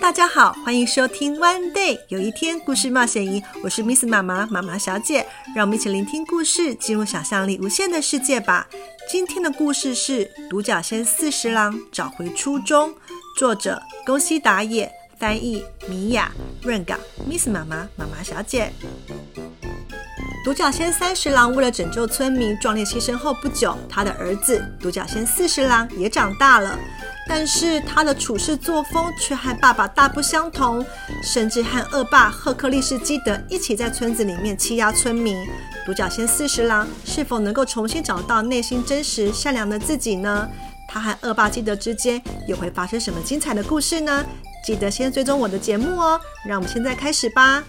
大家好，歡迎收聽《One Day 有一天故事冒險營》，我是 Miss 媽媽媽媽小姐，讓我們一起聆聽故事，進入想象力無限的世界吧。今天的故事是《獨角仙四十郎找回初衷》，作者：宮西達也，翻譯：米雅，潤稿。Miss 媽媽媽媽小姐。獨角仙三十郎為了拯救村民，壯烈犧牲後不久，他的兒子獨角仙四十郎也長大了。但是他的處事作風卻和爸爸大不相同，甚至和惡霸赫克力士基德一起在村子裡面欺壓村民。獨角仙四十郎是否能夠重新找到內心真實善良的自己呢？他和惡霸基德之間又會發生什麼精彩的故事呢？記得先追蹤我的節目哦！讓我們現在開始吧。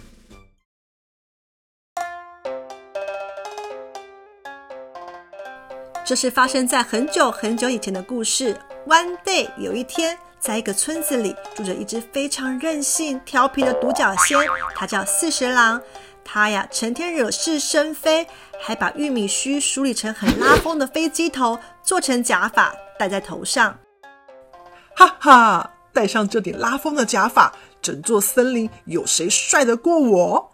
這是發生在很久很久以前的故事。One day，有一天，在一個村子裡，住着一隻非常任性、調皮的獨角仙，它叫四十郎。它呀，成天惹是生非，還把玉米鬚梳理成很拉風的飛機頭，做成假髮戴在頭上。哈哈，戴上這頂拉風的假髮，整座森林有誰帥得過我？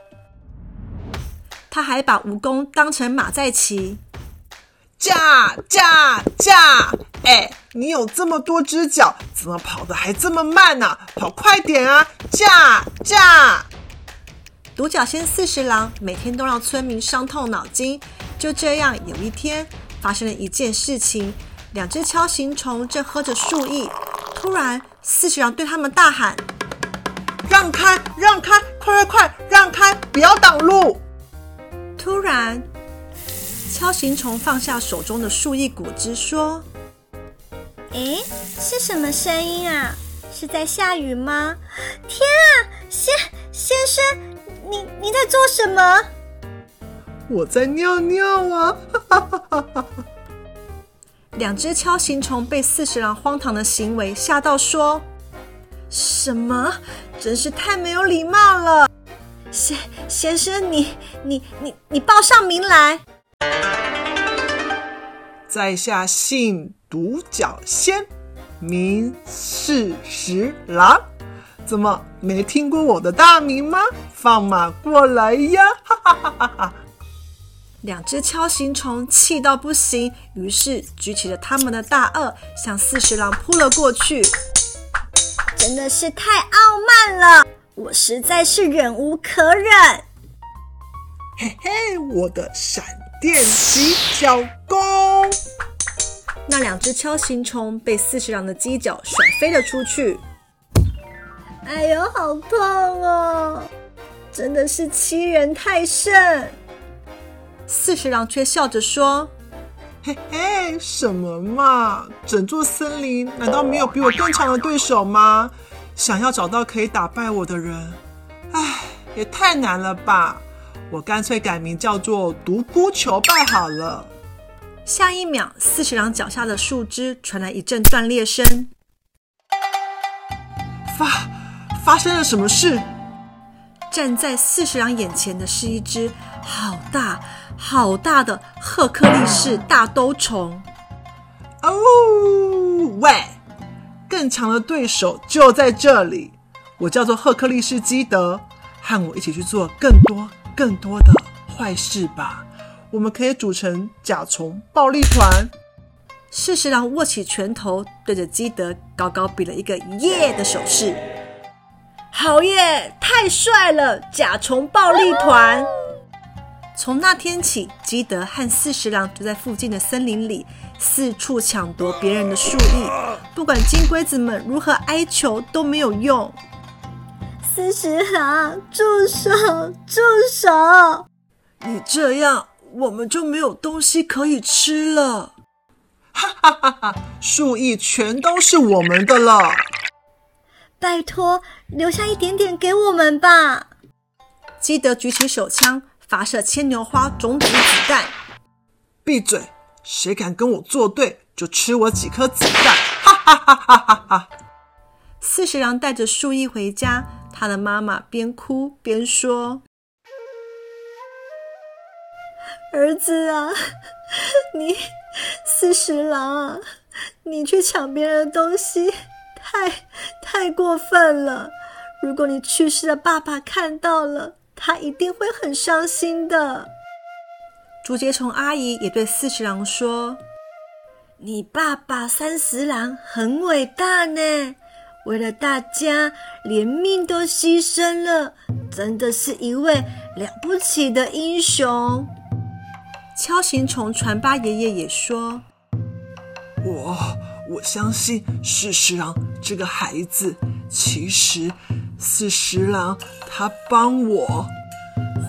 他還把蜈蚣當成馬在騎。駕駕駕！欸，你有這麼多隻腳，怎麼跑得還這麼慢啊？跑快點啊！駕駕！獨角仙四十郎每天都讓村民傷透腦筋。就這樣，有一天發生了一件事情：兩隻鍬形蟲正喝着樹葉，突然四十郎對他們大喊：“讓開！讓開！快快快！讓開！不要擋路！”突然。鍬形蟲放下手中的樹液果汁，說：“誒，是什麼聲音啊？是在下雨嗎？天啊，先先生，你你在做什麼？我在尿尿啊！”哈哈哈！兩只鍬形蟲被四十郎荒唐的行為嚇到，說：“什麼？真是太沒有禮貌了！先先生，你你你你報上名來！”在下姓獨角仙，名四十郎，怎麼沒聽過我的大名嗎？放馬過來呀！哈哈哈哈！兩只鍬形蟲氣到不行，於是舉起了他們的大顎，向四十郎撲了過去。真的是太傲慢了，我實在是忍無可忍。嘿嘿，我的閃！踮起腳弓，那兩只鍬形蟲被四十郎的犄角甩飛了出去。哎呦，好痛哦！真的是欺人太甚。四十郎卻笑着說：“嘿嘿，什麼嘛？整座森林難道沒有比我更強的對手嗎？想要找到可以打敗我的人，唉，也太難了吧。”我乾脆改名叫做獨孤求敗好了。下一秒，四十郎腳下的樹枝傳來一陣斷裂聲。發發生了什麼事？站在四十郎眼前的是一隻好大好大的赫克力士大兜蟲。哦、oh, 喂，更強的對手就在這裡。我叫做赫克力士基德，和我一起去做更多更多的壞事吧！我們可以組成甲蟲暴力團。四十郎握起拳頭，對着基德高高比了一個耶、yeah、的手勢。好耶！太帥了！甲蟲暴力團。 從那天起，基德和四十郎就在附近的森林裡四處搶奪別人的樹液，不管金龜子們如何哀求都沒有用。四十郎，住手！住手！你這樣，我們就沒有東西可以吃了。哈哈哈哈！樹葉全都是我們的了。拜託，留下一點點給我們吧。基德舉起手槍，發射牽牛花種子子彈。閉嘴！誰敢跟我作對，就吃我幾顆子彈。哈哈哈哈哈哈！四十郎帶着樹葉回家。他的媽媽邊哭邊說：“兒子啊，你四十郎啊，你去搶別人的東西，太太過分了。如果你去世的爸爸看到了，他一定會很傷心的。”竹節蟲阿姨也對四十郎說：“你爸爸三十郎很偉大呢。”為了大家，連命都犧牲了，真的是一位了不起的英雄。鍬形蟲傳八爺爺也說：“我我相信四十郎這個孩子，其實四十郎他幫我。”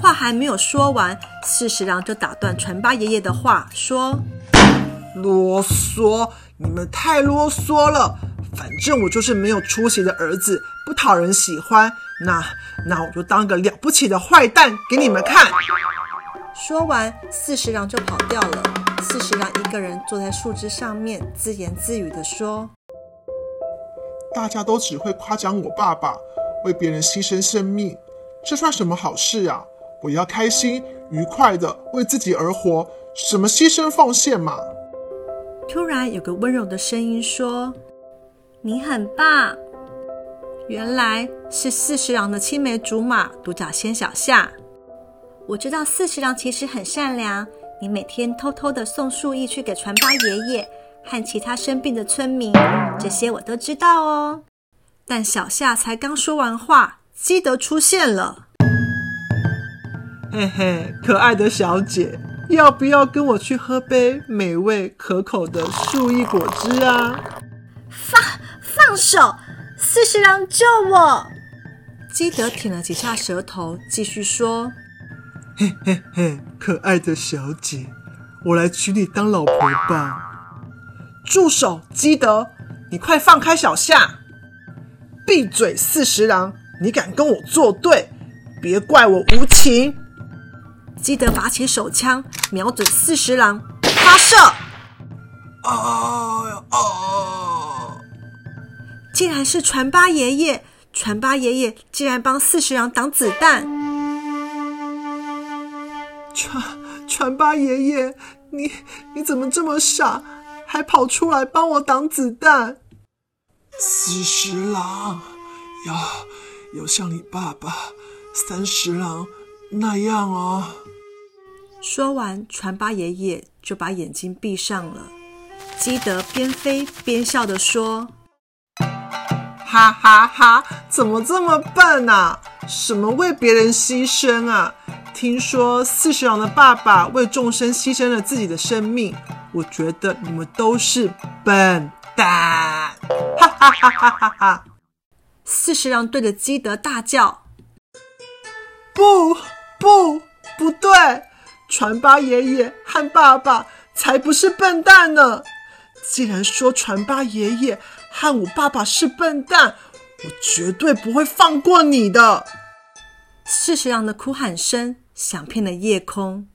話還沒有說完，四十郎就打斷傳八爺爺的話說：“囉嗦，你們太囉嗦了。”反正我就是沒有出息的兒子，不討人喜歡。那那我就當個了不起的壞蛋給你們看。說完，四十郎就跑掉了。四十郎一個人坐在樹枝上面，自言自語的說：“大家都只會誇獎我爸爸為別人犧牲生命，這算什麼好事呀？我要開心愉快的為自己而活，什麼犧牲奉獻嘛！”突然，有個溫柔的聲音說。你很棒，原來是四十郎的青梅竹馬獨角仙小夏。我知道四十郎其實很善良，你每天偷偷的送樹藝去給船八爺爺和其他生病的村民，這些我都知道哦。但小夏才剛說完話，基德出現了。嘿嘿，可愛的小姐，要不要跟我去喝杯美味可口的樹藝果汁啊？放手，四十郎救我！基德舔了幾下舌頭，繼續說：“嘿嘿嘿，可愛的小姐，我來娶你當老婆吧。”住手，基德！你快放開小夏！閉嘴，四十郎！你敢跟我作對，別怪我無情！基德拔起手槍，瞄準四十郎，發射！啊啊啊！哦哦哦竟然是傳八爺爺！傳八爺爺竟然幫四十郎擋子彈！傳、傳八爺爺，你、你怎麼這麼傻，還跑出來幫我擋子彈？四十郎要、要像你爸爸三十郎那樣哦、啊。說完，傳八爺爺就把眼睛閉上了。基德邊飛邊笑地說。哈，哈哈哈！怎麼這麼笨啊？什麼為別人犧牲啊？聽說四十郎的爸爸為眾生犧牲了自己的生命，我覺得你們都是笨蛋！哈哈哈,哈！哈哈！四十郎對着基德大叫：“不不不對，傳八爺爺和爸爸才不是笨蛋呢！既然說傳八爺爺……”漢武爸爸是笨蛋，我絕對不會放過你的。四十郎的哭喊聲響遍了夜空。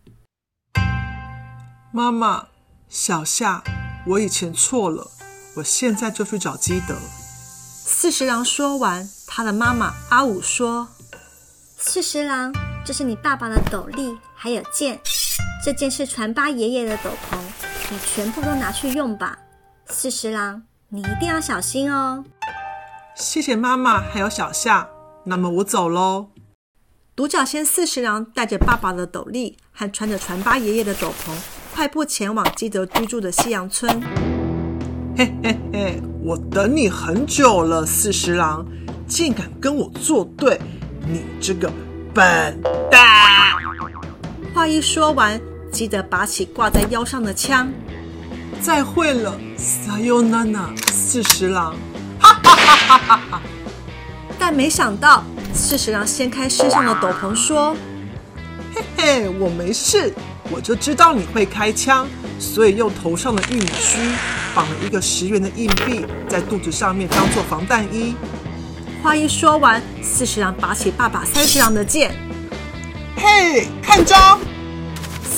媽媽，小夏，我以前錯了，我現在就去找基德。四十郎說完，他的媽媽阿武說：“四十郎，這是你爸爸的斗笠，還有劍，這件是傳八爺爺的斗篷，你全部都拿去用吧。”四十郎，你一定要小心哦！謝謝媽媽，還有小夏。那麼我走嘍。獨角仙四十郎帶着爸爸的斗笠，還穿着船八爺爺的斗篷，快步前往基德居住的西洋村。嘿嘿嘿，我等你很久了，四十郎，竟敢跟我作對，你這個笨蛋！話一說完，基德拔起掛在腰上的槍。再會了，莎喲娜啦！四十郎，哈哈哈哈哈哈！但沒想到，四十郎掀開身上的斗篷說：“嘿嘿，我沒事。我就知道你會開槍，所以用頭上的玉米鬚綁了一個十元的硬幣，在肚子上面當做防彈衣。”話一說完，四十郎拔起爸爸三十郎的劍：“嘿，看招！”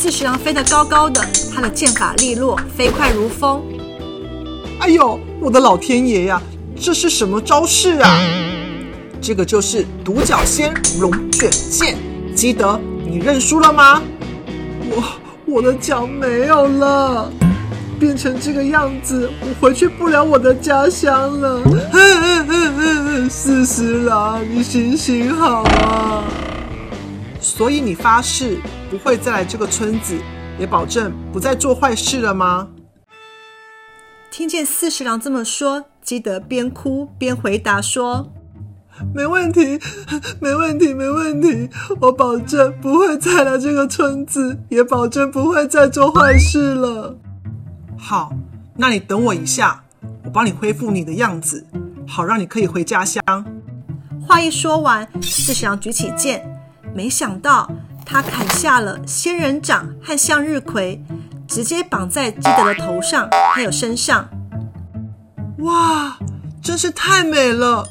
四十郎飛得高高的，他的劍法利落，飛快如風。哎呦，我的老天爺呀、啊，這是什麼招式啊？這個就是獨角仙龍卷劍，基德，你認輸了嗎？我我的腳沒有了，變成這個樣子，我回去不了我的家鄉了。嗯嗯嗯嗯嗯，四十郎，你行行好啊！所以你發誓。不會再來這個村子，也保證不再做壞事了嗎？聽見四十郎這麼說，基德邊哭邊回答說：“沒問題，沒問題，沒問題，我保證不會再來這個村子，也保證不會再做壞事了。”好，那你等我一下，我幫你恢復你的樣子，好讓你可以回家鄉。話一說完，四十郎舉起劍，沒想到……他砍下了仙人掌和向日葵，直接綁在基德的頭上還有身上。哇，真是太美了，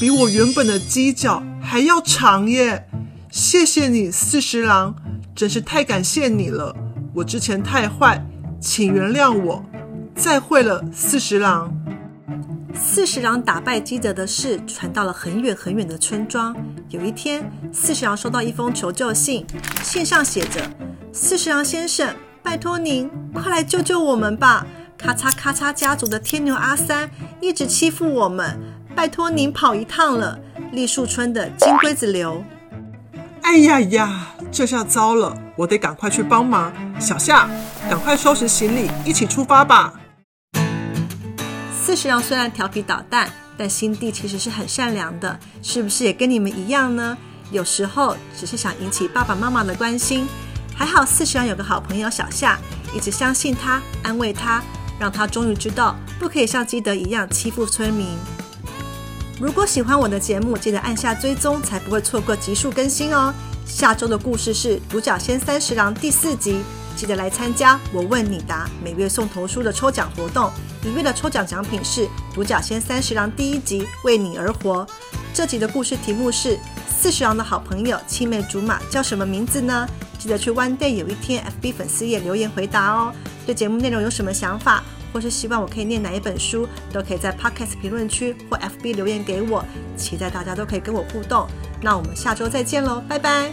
比我原本的犄角還要長耶！謝謝你，四十郎，真是太感謝你了。我之前太壞，請原諒我。再會了，四十郎。四十郎打敗基德的事傳到了很遠很遠的村莊。有一天，四十郎收到一封求救信，信上寫着：“四十郎先生，拜託您快來救救我們吧！咔嚓咔嚓家族的天牛阿三一直欺負我們，拜託您跑一趟了。栗樹村的金龜子流。”哎呀呀，這下糟了，我得趕快去幫忙。小夏，趕快收拾行李，一起出發吧。四十郎雖然調皮搗蛋，但心地其實是很善良的，是不是也跟你們一樣呢？有時候只是想引起爸爸媽媽的關心。還好四十郎有個好朋友小夏，一直相信他，安慰他，讓他終於知道不可以像基德一樣欺負村民。如果喜歡我的節目，記得按下追蹤，才不會錯過集數更新哦。下週的故事是《獨角仙三十郎》第四集，記得來參加我問你答每月送圖書的抽獎活動。裡面的抽獎獎品是《獨角仙三十郎》第一集《為你而活》。這集的故事題目是《四十郎的好朋友青梅竹馬叫什麼名字呢？》記得去 One Day 有一天 FB 粉絲頁留言回答哦。對節目內容有什麼想法，或是希望我可以念哪一本書，都可以在 Podcast 評論區或 FB 留言給我。期待大家都可以跟我互動。那我們下周再見嘍，拜拜。